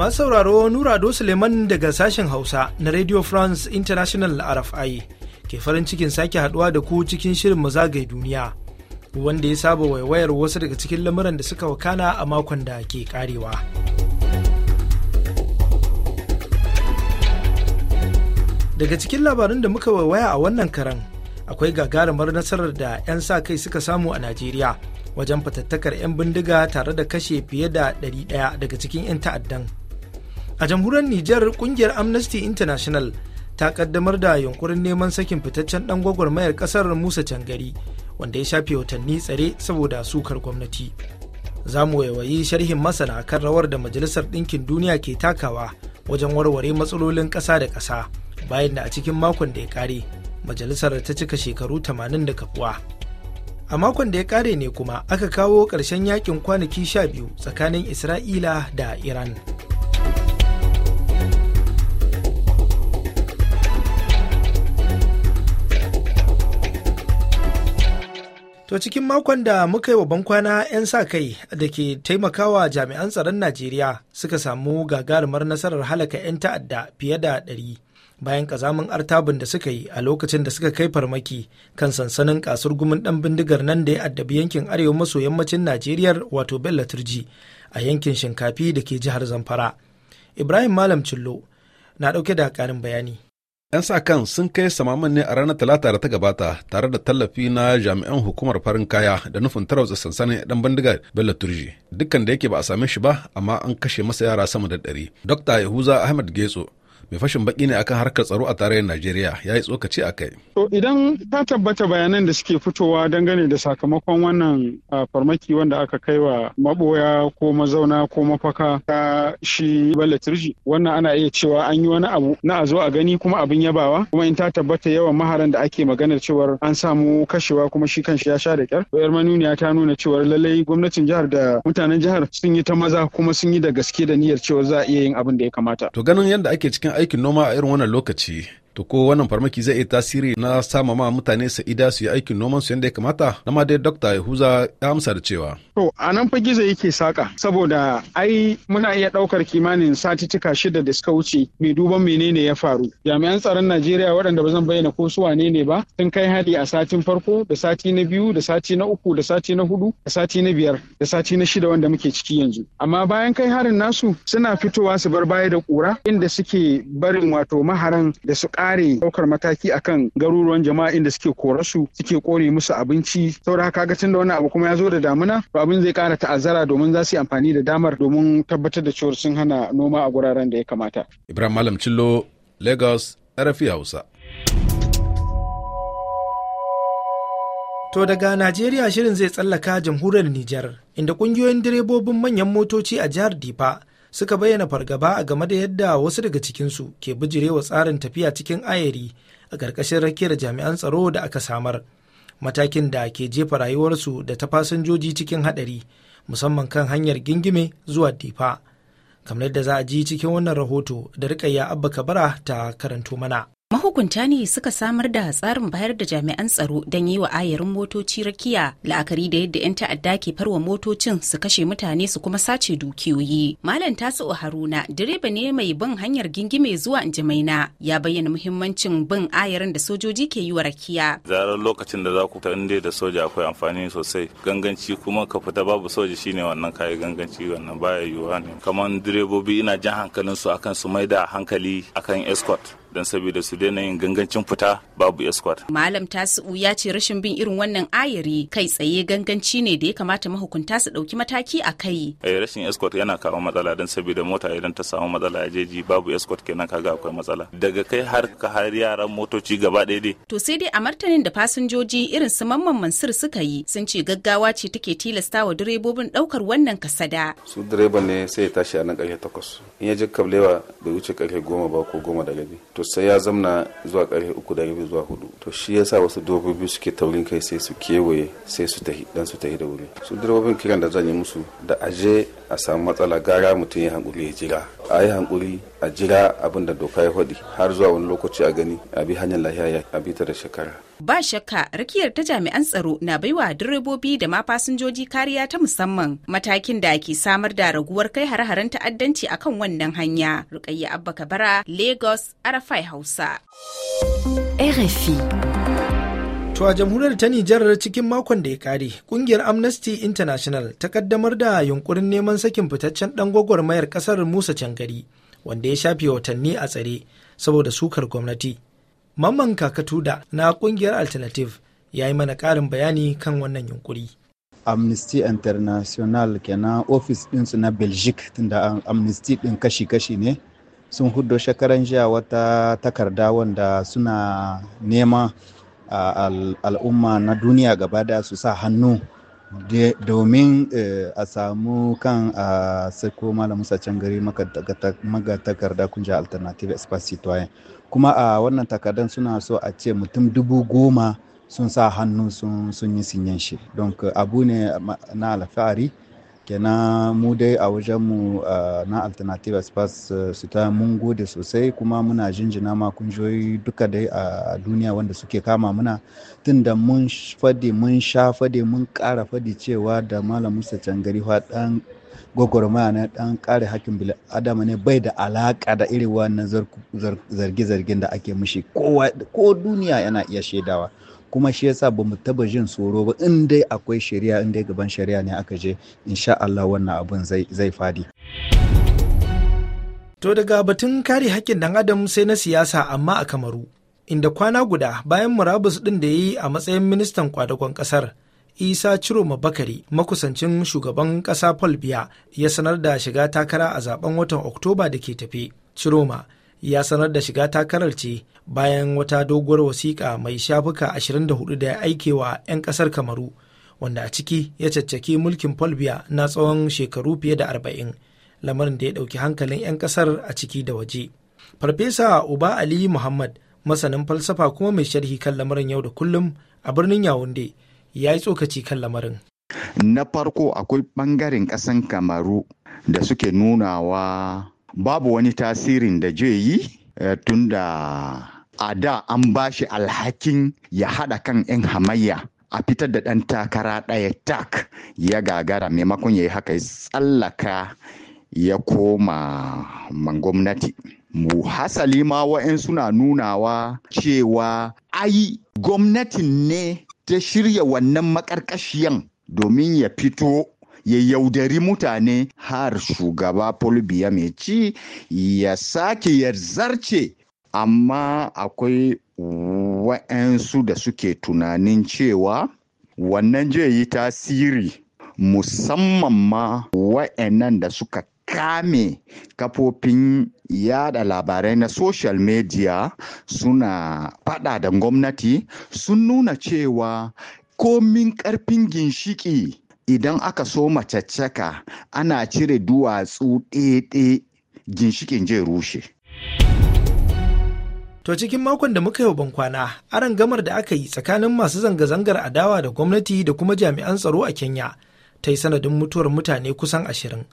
Masu sauraro Nurado Suleiman daga sashen Hausa na Radio France International RFI ke farin cikin sake haduwa da ku cikin shirin zagaye duniya wanda ya saba waiwayar wasu daga cikin lamuran da suka wakana a makon da ke karewa. Daga cikin labarin da muka waiwaya a wannan karan akwai gagarumar nasarar da 'yan sa kai suka samu a Najeriya wajen fatattakar 'yan bindiga tare da kashe fiye da 100 daga cikin 'yan ta'addan. a jamhuriyar Nijar kungiyar Amnesty International ta kaddamar da yunkurin neman sakin fitaccen dan gwagwarmayar kasar Musa Cangari wanda ya shafe watanni tsare saboda sukar gwamnati. Za mu waiwayi sharhin masana kan rawar da Majalisar Ɗinkin Duniya ke takawa wajen warware matsalolin ƙasa da ƙasa bayan da a cikin makon da ya ƙare majalisar ta cika shekaru 80 da kafuwa. A makon da ya ƙare ne kuma aka kawo ƙarshen yakin kwanaki 12 tsakanin Isra'ila da Iran. To cikin makon da muka yi wa bankwana 'yan sa kai da ke taimakawa jami'an tsaron Najeriya suka samu gagarumar nasarar halaka 'yan ta'adda fiye da ɗari. bayan kazamin artabin da suka yi a lokacin da suka kai farmaki kan sansanin kasar gumin dan bindigar nan da ya addabi yankin arewa maso yammacin najeriya wato bello turji a yankin shinkafi da ke jihar zamfara ibrahim malam cillo na ɗauke da karin bayani 'Yan sa-kan sun kai samaman ne a ranar Talata da ta gabata tare da tallafi na jami'an hukumar farin kaya da nufin tarautsa sansanin ɗan bindiga Bello Turji. Dukkan da yake ba a same shi ba, amma an kashe masa yara sama da ɗari. Dr Yahuza Ahmed Getso mai fashin baki ne akan harkar tsaro a tarayyar najeriya ya yi tsokaci a kai to idan ta tabbata bayanan da suke fitowa dangane da sakamakon wannan farmaki wanda aka kai wa maboya ko mazauna ko mafaka ta shi balatirji wannan ana iya cewa an yi wani abu na a zo a gani kuma abin yabawa kuma in ta tabbata yawan maharan da ake maganar cewar an samu kashewa kuma shi kanshi ya sha da kyar to yar manuniya ta nuna cewar lallai gwamnatin jihar da mutanen jihar sun yi ta maza kuma sun yi da gaske da niyyar cewa za a iya yin abin da ya kamata to ganin yadda ake cikin aikin noma a irin wannan lokaci To ko wannan farmaki zai iya tasiri na sama ma mutane sa'ida su yi aikin noman su yadda ya kamata? Na ma dai Dokta Yahuza ya amsa da cewa. To a nan fa gizo yake saka saboda ai muna iya ɗaukar kimanin satittika shida da suka wuce mai duban menene ya faru. Jami'an tsaron Najeriya waɗanda ba zan bayyana ko su wane ne ba sun kai hari a satin farko da sati na biyu da sati na uku da sati na hudu da sati na biyar da sati na shida wanda muke ciki yanzu. Amma bayan kai harin nasu suna fitowa su bar baya da kura inda suke barin wato maharan da su kare ɗaukar mataki akan garuruwan jama'a inda suke korasu suke kore musu abinci saboda haka ga tun da wannan abu kuma ya zo da damuna to abin zai kara ta'azzara domin za su yi amfani da damar domin tabbatar da cewa sun hana noma a guraren da ya kamata. Ibrahim Malam Cillo, Lagos, RFI Hausa. To daga Najeriya shirin zai tsallaka jamhuriyar Nijar, inda ƙungiyoyin direbobin manyan motoci a jihar Difa suka bayyana fargaba a game da yadda wasu daga cikinsu ke bijirewa tsarin tafiya cikin ayari a ƙarƙashin rakiyar jami'an tsaro da aka samar matakin da ke jefa rayuwarsu da ta fasinjoji cikin haɗari musamman kan hanyar gingime zuwa difa kamar yadda za a ji cikin wannan rahoto da riƙayya abba kabara ta karanto mana Mahukunta ne suka samar da tsarin bayar da jami'an tsaro don yi wa ayarin motoci rakiya la'akari da yadda 'yan ta'adda ke farwa motocin su kashe mutane su kuma sace dukiyoyi. Malam tasu Haruna direba ne mai bin hanyar gingime zuwa Injimaina ya bayyana muhimmancin bin ayarin da sojoji ke yi wa rakiya. Zarar lokacin da za ku ta inda da soja akwai amfani sosai ganganci kuma ka fita babu soja shine wannan kayi ganganci wannan baya yiwuwa ne. Kamar direbobi ina jan hankalin su akan su maida hankali akan escort don saboda su daina yin gangancin fita babu escort. Malam Tasi'u ya ce rashin bin irin wannan ayari kai tsaye ganganci ne da ya kamata mahukunta su ɗauki mataki a kai. Eh, rashin escort yana kawo matsala don saboda mota idan ta samu matsala a jeji babu escort kenan kaga akwai matsala. Daga kai har ka har yaran motoci gaba ɗaya dai. To sai dai a martanin da fasinjoji irin su Mamman Mansur suka yi sun ce gaggawa ce take tilasta wa direbobin ɗaukar wannan kasada. Su direban ne sai ya tashi a nan ƙarfe takwas. In ya je kablewa bai wuce ƙarfe goma ba ko goma da gabi. to sai ya zamna zuwa karfe uku da rabi zuwa hudu to shi yasa wasu dobobi suke taurin kai sai su kewaye sai su tahi dan su tahi da wuri su direbobin kiran da zan yi musu da aje a samu matsala gara mutum ya hankuli ya jira a yi hankuli a jira abin da doka ya faɗi har zuwa wani lokaci a gani a bi hanyar lahiya ya a bi ta da shekara. ba shakka rakiyar ta jami'an tsaro na baiwa direbobi da ma fasinjoji kariya ta musamman matakin da ke samar da raguwar kai har-haren ta'addanci akan wannan hanya rukayya abba kabara lagos arafai hausa. RFI To a jamhuriyar ta Nijar cikin makon da ya kare, kungiyar Amnesty International ta kaddamar da yunkurin neman sakin fitaccen dan gwagwarmayar kasar Musa Cangari, wanda ya shafe watanni a tsare saboda sukar gwamnati. Mamman Kakatuda na kungiyar Alternative ya yi mana karin bayani kan wannan yunkuri. amnesty international kenan ofis ɗinsu na belgique da amnesty ɗin kashi-kashi ne sun hudo shekaran jiya wata takarda wanda suna nema al'umma na duniya gaba da su sa hannu domin eh, a samu kan a sako malam musa can gari magatakarda kunja alternative espace citoyen kuma a wannan takardan suna so a ce mutum dubu goma sun sa hannu sun yi sinyan shi don abu ne na alfahari kenan mu dai a wajenmu na alternative space eh, su ta mun gode sosai kuma muna jinjina ma duka dai a duniya wanda suke kama muna tunda mun fadi mun sha fadi mun kara fadi cewa da malam musa cangari dan gwagwarmaya na dan kare hakkin bil adama ne bai da alaka da irin wannan zargi zargin da ake mushi ko duniya yana iya shaidawa kuma shi yasa ba mu taba jin tsoro ba in dai akwai shari'a in dai gaban shari'a ne aka je insha Allah wannan abun zai fadi to daga batun kare haƙƙin dan adam sai na siyasa amma a Kamaru inda kwana guda bayan murabus ɗin da yi a matsayin ministan kwadagon ƙasar isa ciroma bakari makusancin shugaban ƙasa paul biya ya sanar da shiga takara a zaben watan oktoba da ke tafe ciroma ya sanar da shiga takarar ce bayan wata doguwar wasiƙa mai shafuka 24 da ya aike wa 'yan ƙasar kamaru wanda a ciki ya caccaki mulkin polbia na tsawon shekaru fiye da 40 lamarin da ya ɗauki hankalin 'yan ƙasar a ciki da waje farfesa uba ali muhammad masanin falsafa kuma mai sharhi kan lamarin yau da kullum a birnin yawunde ya yi tsokaci kan lamarin na farko akwai ɓangaren ƙasan kamaru da suke nunawa babu wani tasirin da zai yi eh, tunda a da an ba shi alhakin ya haɗa kan 'yan hamayya a fitar da ɗan takara ɗaya tak ya gagara maimakon ya yi haka ya tsallaka ya koma man gwamnati. Mu hasali ma wa'in suna nunawa cewa ai gwamnatin ne ta shirya wannan maƙarƙashiyan domin ya fito ya yaudari mutane har shugaba Fulbiya mai ci ya sake yarzarce amma akwai wa'yansu da suke tunanin cewa wannan zai yi tasiri musamman ma wa'annan da suka kame kafofin yada labarai na social media suna fada da gwamnati sun nuna cewa komin karfin ginshiki idan aka so macaccaka ana cire duwatsu ɗeɗe ginshikin je rushe. To cikin makon da muka yi wa bankwana, aron gamar da aka yi tsakanin masu zanga-zangar adawa da gwamnati da kuma jami'an tsaro a Kenya ta yi sanadin mutuwar mutane kusan ashirin,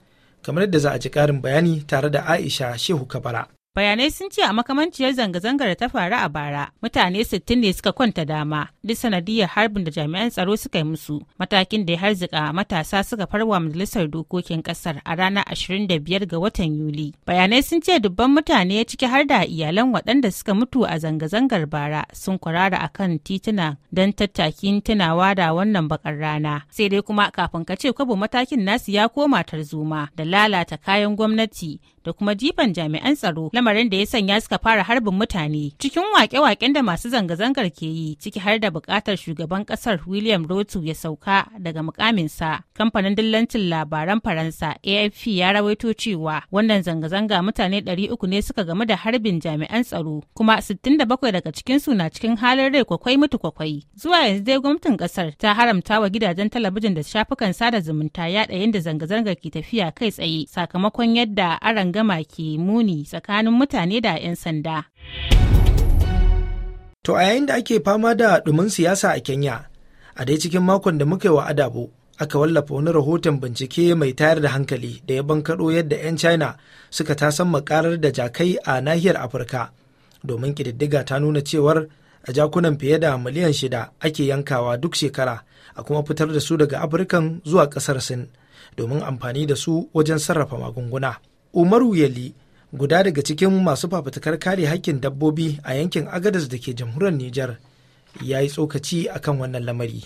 kamar yadda za a ji ƙarin bayani tare da Aisha Shehu Kabara. Bayanai sun ce a makamanciyar zanga-zangar da ta faru a bara mutane 60 ne suka kwanta dama duk sanadiyar harbin da jami'an tsaro suka yi musu matakin da ya harzika matasa suka farwa majalisar dokokin kasar a ranar 25 ga watan Yuli. Bayanai sun ce dubban mutane ciki har da iyalan waɗanda suka mutu a zanga-zangar bara sun kwarara kan tituna don tattakin tunawa da wannan bakar rana. Sai dai kuma kafin ka ce kwabo matakin nasu ya koma tarzoma da lalata kayan gwamnati da kuma jifan jami'an tsaro lamarin da ya sanya suka fara harbin mutane cikin wake-waken da masu zanga-zangar ke yi ciki har da bukatar shugaban kasar william rotu ya sauka daga mukaminsa kamfanin dillancin labaran faransa afp ya rawaito cewa wannan zanga-zanga mutane 300 ne suka gamu da harbin jami'an tsaro kuma 67 daga cikinsu na cikin halin rai kwakwai mutu kwakwai zuwa yanzu dai gwamnatin ƙasar ta haramta wa gidajen talabijin da shafukan sada zumunta yaɗa yadda zanga-zangar ke tafiya kai tsaye sakamakon yadda gama ke muni tsakanin mutane da 'yan sanda. To a yayin da ake fama da ɗumin siyasa a Kenya, a dai cikin makon da muka yi wa adabo, aka wallafa wani rahoton bincike mai tayar da hankali da ya bankaɗo yadda 'yan China suka tasan makarar da jakai a nahiyar Afirka. Domin ƙididdiga ta nuna cewar a jakunan fiye da miliyan shida ake yankawa duk shekara a kuma fitar da su daga Afirkan zuwa ƙasar Sin domin amfani da su wajen sarrafa magunguna. Umaru Yali guda daga cikin masu fafutukar kare hakkin dabbobi a yankin agadas da ke jamhuriyar Nijar ya yi tsokaci a kan wannan lamari.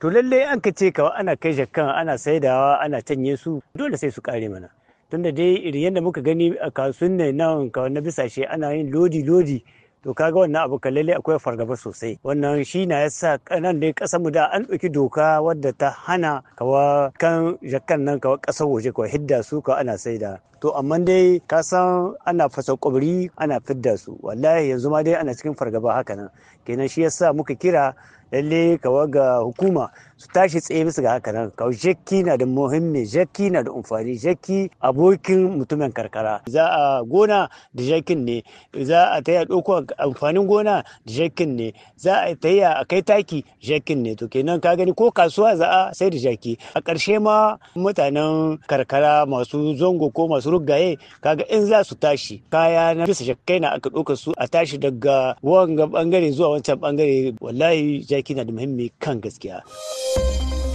To lalle an ka ce kawai ana kai jakan ana saidawa ana canye su dole sai su kare mana. Tunda dai irin yadda muka gani a kasuwan nan na bisashe ana yin lodi lodi to kaga wannan abu lalle akwai fargaba sosai wannan shi na yasa kanan ne kasar mu da an ɗauki doka wadda ta hana kawa kan jakan nan kawa kasar waje kawa hidda su kawa ana saida to amma dai ka san ana fasa kwabri ana fidda su wallahi yanzu ma dai ana cikin fargaba haka nan kenan shi yasa muka kira lalle kawa ga hukuma su tashi tsaye bisa ga haka nan kawai jakki na da muhimmi jakki na da amfani jakki abokin mutumin karkara za a gona da jakin ne za a taya ɗauko amfanin gona da jakin ne za a taya a kai taki jakin ne to kenan ka gani ko kasuwa za a sai da jaki a karshe ma mutanen karkara masu zango ko masu rugaye kaga in za su tashi kaya na bisa jakkai na aka ɗauka su a tashi daga wanga bangare zuwa wancan bangare wallahi jaki na da muhimmi kan gaskiya.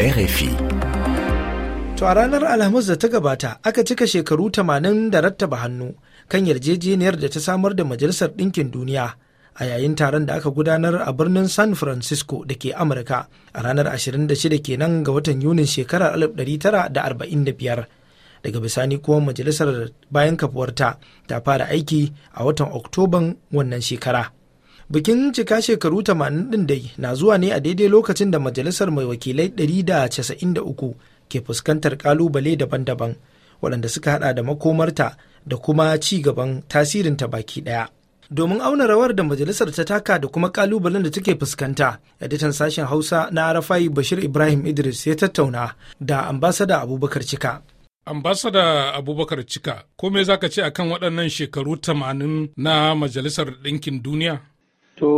RFI. To a ranar Alhamis da ta gabata aka cika shekaru tamanin da rattaba hannu kan yarjejeniyar da ta samar da Majalisar Ɗinkin Duniya a yayin taron da aka gudanar a birnin San Francisco da ke Amurka a ranar 26 kenan ga watan Yunin shekarar 1945. Daga bisani kuma majalisar bayan kafuwarta ta fara aiki a watan Oktoban wannan shekara. bikin cika shekaru 80 ɗin dai na zuwa ne a daidai lokacin da majalisar mai wakilai 193 ke fuskantar kalubale daban-daban waɗanda suka hada da makomarta da kuma ci gaban tasirinta baki ɗaya. Domin auna rawar da majalisar ta taka da kuma kalubalen da take fuskanta, editan sashen Hausa na Arafai Bashir Ibrahim Idris ya tattauna da ambasada Abubakar Cika. Ambasada Abubakar Cika, ko me zaka ce akan waɗannan shekaru 80 na Majalisar Ɗinkin Duniya? To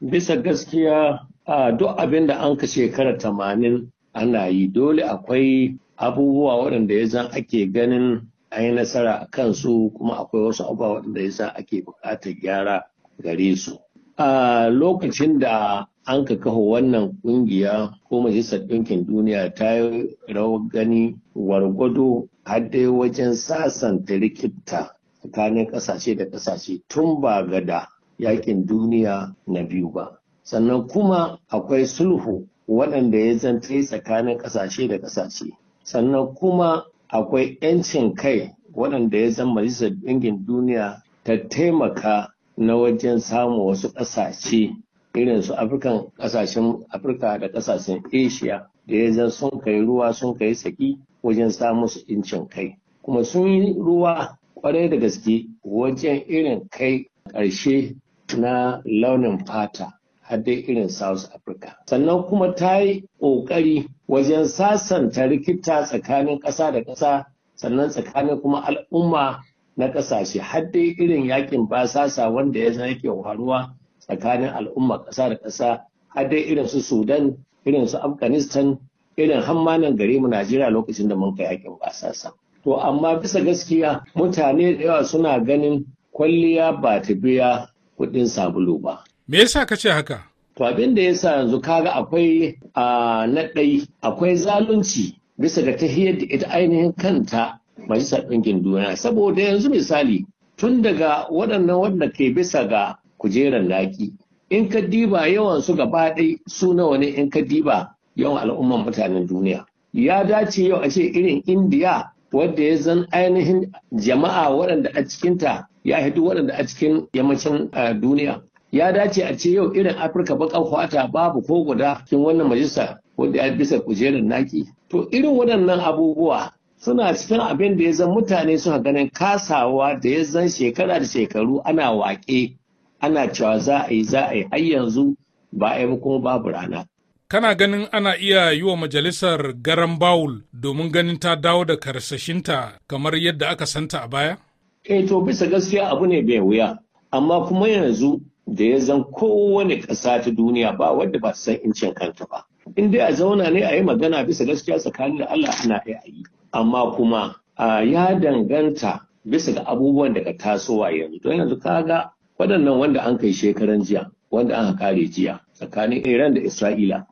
bisa gaskiya a duk abin da an ka shekara tamanin ana yi dole akwai abubuwa waɗanda ya zan ake ganin a yi nasara a kansu kuma akwai wasu abubuwa waɗanda ya zan ake buƙatar gyara gare su. A lokacin da an ka kaho wannan ƙungiya ko majalisar ɗinkin duniya ta yi rawar gani wargwado har dai wajen sasanta rikita tsakanin ƙasashe da ƙasashe tun ba gada yakin duniya na biyu ba sannan kuma akwai sulhu waɗanda ya zance tsakanin ƙasashe da ƙasashe sannan kuma akwai 'yancin kai waɗanda ya zama majalisar ɗingin duniya ta taimaka na wajen samun wasu ƙasashe irin su afirkan ƙasashen afirka da ƙasashen asia da ya zan sun kai ruwa sun kai saki wajen samun su incin kai kuma sun yi ruwa kwarai da gaske wajen irin kai ƙarshe na launin fata har dai irin South Africa. Sannan kuma ta yi ƙoƙari wajen sasanta rikita tsakanin ƙasa da ƙasa sannan tsakanin kuma al'umma na ƙasashe har dai irin yakin basasa wanda ya zama yake faruwa tsakanin al'umma ƙasa da ƙasa har dai irin su Sudan irin su Afghanistan irin hammanan gari mu Najeriya lokacin da mun kai yakin basasa. To amma bisa gaskiya mutane da yawa suna ganin kwalliya ba ta biya kuɗin sabulu ba. Me yasa ka ce haka? To abin da yasa yanzu kaga akwai a naɗai akwai zalunci bisa ga ta da ita ainihin kanta majalisar ɗinkin duniya saboda yanzu misali tun daga waɗannan wanda ke bisa ga kujeran laki in ka diba yawan su gaba ɗai su nawa ne in ka diba yawan al'umman mutanen duniya ya dace yau a ce irin indiya wadda ya zan ainihin jama'a waɗanda a cikinta ya haɗu waɗanda a cikin yammacin duniya ya dace a ce yau irin afirka baƙar kwata babu ko guda cikin wannan majalisa wanda ya bisa kujerar naki to irin waɗannan abubuwa suna cikin abin da ya zan mutane suna ganin kasawa da ya zan shekara da shekaru ana waƙe ana cewa za a yi za a yi har yanzu ba a yi kuma babu rana kana ganin ana iya yi wa majalisar garan bawul domin ganin ta dawo da karsashinta kamar yadda aka santa a baya? eh to bisa gaskiya abu ne bai wuya amma kuma yanzu da ya zan kowane ƙasa ta duniya ba wadda ba san incin kanta ba in dai a zauna ne a yi magana bisa gaskiya tsakanin da Allah ana iya yi amma kuma ya danganta bisa ga abubuwan daga tasowa yanzu don yanzu ka ga waɗannan wanda an kai shekaran jiya wanda an kare jiya tsakanin Iran da Isra'ila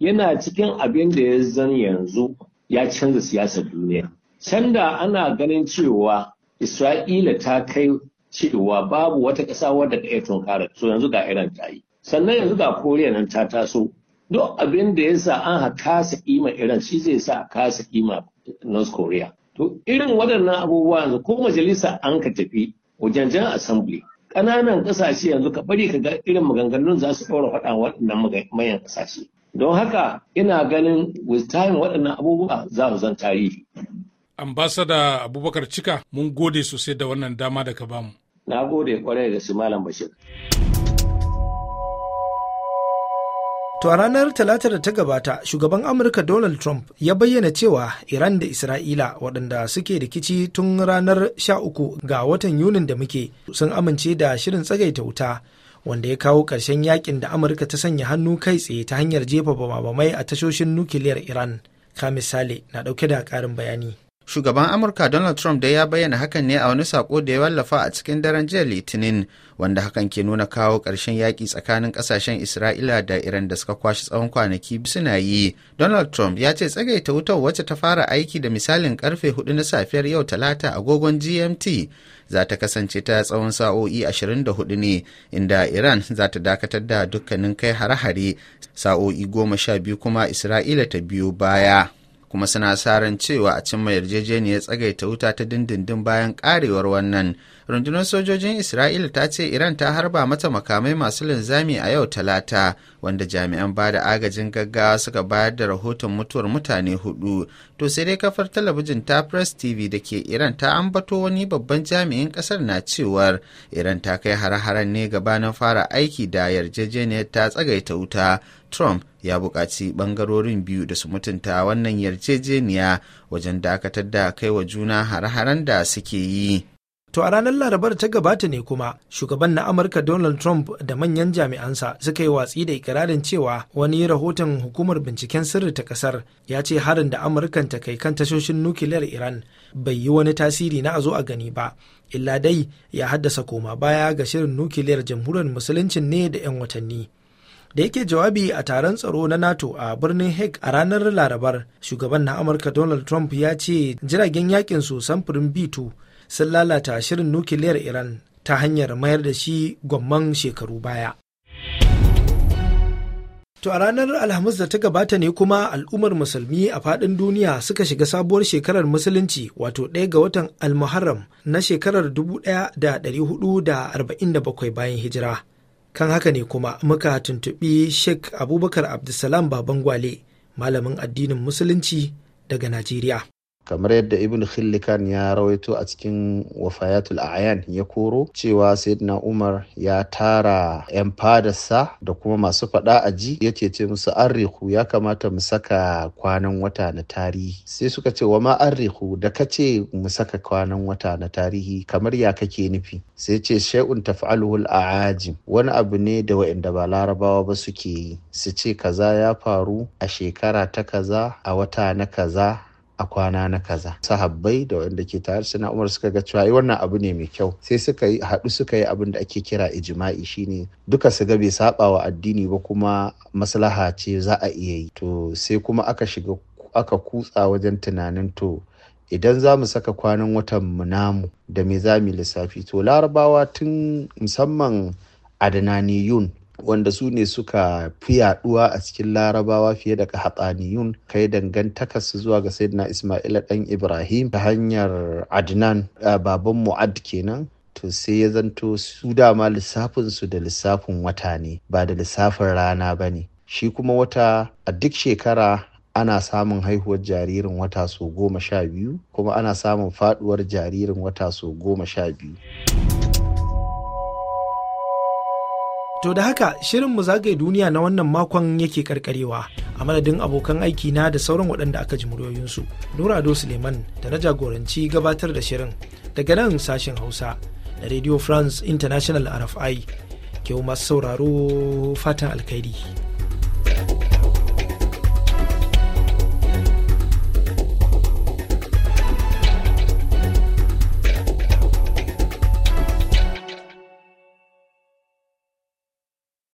yana cikin abin da ya zan yanzu ya canza siyasar duniya. Can ana ganin cewa Isra'ila ta kai cewa babu wata ƙasa wadda ta iya tunkarar so yanzu ga Iran ta yi. Sannan yanzu ga Koriya nan ta taso. Duk abin da ya sa an kasa kima Iran shi zai sa a kasa kima North Korea. To irin waɗannan abubuwa yanzu ko majalisa an ka tafi wajen jan assembly. Ƙananan ƙasashe yanzu ka bari ka ga irin maganganun za su ɗora faɗa waɗannan manyan ƙasashe. Don haka ina ganin with time waɗannan abubuwa za mu zan tarihi. ambasada abubakar cika mun gode sosai da wannan dama da ka bamu na gode kwarai da su malam bashir To a ranar Talata da ta gabata, shugaban Amurka Donald Trump ya bayyana cewa Iran da Isra'ila waɗanda suke rikici tun ranar sha-uku ga watan Yunin da muke sun amince da shirin tsagaita wuta wanda ya kawo ƙarshen yakin da Amurka ta sanya hannu kai tsaye ta hanyar jefa bama-bamai a tashoshin nukiliyar Iran. ka misali na ɗauke da ƙarin bayani. Shugaban Amurka Donald Trump dai ya bayyana hakan ne a wani sako da ya wallafa a cikin daren jiya Litinin, wanda hakan ke nuna kawo ƙarshen yaƙi tsakanin ƙasashen Isra'ila da Iran da suka kwashe tsawon kwanaki suna yi. Donald Trump ya ce tsagaita wutar wacce ta fara aiki da misalin karfe hudu na safiyar yau Talata agogon GMT za ta kasance ta tsawon sa'o'i 24 ne, inda Iran za ta dakatar da dukkanin kai hare-hare sa'o'i goma sha biyu kuma Isra'ila ta biyo baya. kuma suna sa ran cewa a cimma yarjejeniyar tsagaita wuta ta dindindin bayan karewar wannan rundunar sojojin isra'ila ta ce iran ta harba mata makamai masu linzami a yau talata wanda jami'an ba da agajin gaggawa suka bayar da rahoton mutuwar mutane hudu to sai dai kafar talabijin ta press tv da ke iran ta ambato wani babban jami'in kasar na cewar iran ta kai hare-haren ne gabanin fara aiki da yarjejeniyar ta tsagaita wuta Trump ya buƙaci bangarorin biyu da su mutunta wannan yarjejeniya wajen dakatar da kai wa juna hare-haren da suke yi. To a ranar Larabar ta gabata ne kuma shugaban na Amurka Donald Trump da manyan jami'ansa suka yi watsi da ikirarin cewa wani rahoton hukumar binciken sirri ta kasar ya ce harin da Amurkan ta kai kan tashoshin nukiliyar Iran bai yi wani tasiri na a zo a gani ba, illa dai ya haddasa koma baya ga shirin nukiliyar jamhuriyar musuluncin ne da 'yan watanni. da yake jawabi a taron tsaro na nato a birnin hague a ranar larabar shugaban na amurka donald trump ya ce jiragen yakin su samfurin b2 sun lalata shirin nukiliyar iran ta hanyar mayar da shi gwamman shekaru baya To a ranar Alhamis da ta gabata ne kuma al'ummar musulmi a faɗin duniya suka shiga sabuwar shekarar musulunci wato ɗaya ga watan Almuharram na shekarar 1447 bayan hijira. kan haka ne kuma muka tuntuɓi sheikh abubakar abdulsalam baban gwale malamin addinin musulunci daga najeriya kamar yadda ibn khillikan ya rawaito a cikin wafayatul a'yan ya koro cewa sayyidina umar ya tara 'yan fadarsa da kuma masu faɗa a ji Ya ce musu arriku ya kamata mu saka kwanan wata na tarihi sai suka ce wa ma arriku da ka ce mu saka kwanan wata na tarihi kamar ya kake nufi sai ce shay'un a al'ajim wani abu ne da wa'inda ba larabawa ba suke yi su ce kaza ya faru a shekara ta kaza a wata na kaza a kwana na kaza sahabbai da wanda ke tare suna umar suka ga cewa wannan abu ne mai kyau sai suka yi haɗu suka yi abin da ake kira ijma'i shine duka su ga bai saba wa addini ba kuma maslaha ce za a iya yi to sai kuma aka shiga aka kutsa wajen tunanin to idan za mu saka kwanan watan mu namu da me za mu lissafi to larabawa tun musamman adananiyun wanda su ne suka fi yaduwa a cikin larabawa fiye da hatsaniyun kai dangantakarsu zuwa ga sayyidina ismaila dan ibrahim ta hanyar adnan baban mu'ad kenan to sai ya zanto su dama lissafinsu da lissafin wata ne ba da lissafin rana ba ne shi kuma wata a duk shekara ana samun haihuwar jaririn wata sau goma sha biyu kuma ana samun faduwar jaririn wata sau goma sha biyu To da haka mu zagaye duniya na wannan makon yake karkarewa a madadin abokan aiki na da sauran waɗanda aka ji muryoyinsu. Nura Ado Suleiman da na jagoranci gabatar da shirin daga nan sashen Hausa da Radio France International RFI. Ke masu sauraro fatan alkhairi.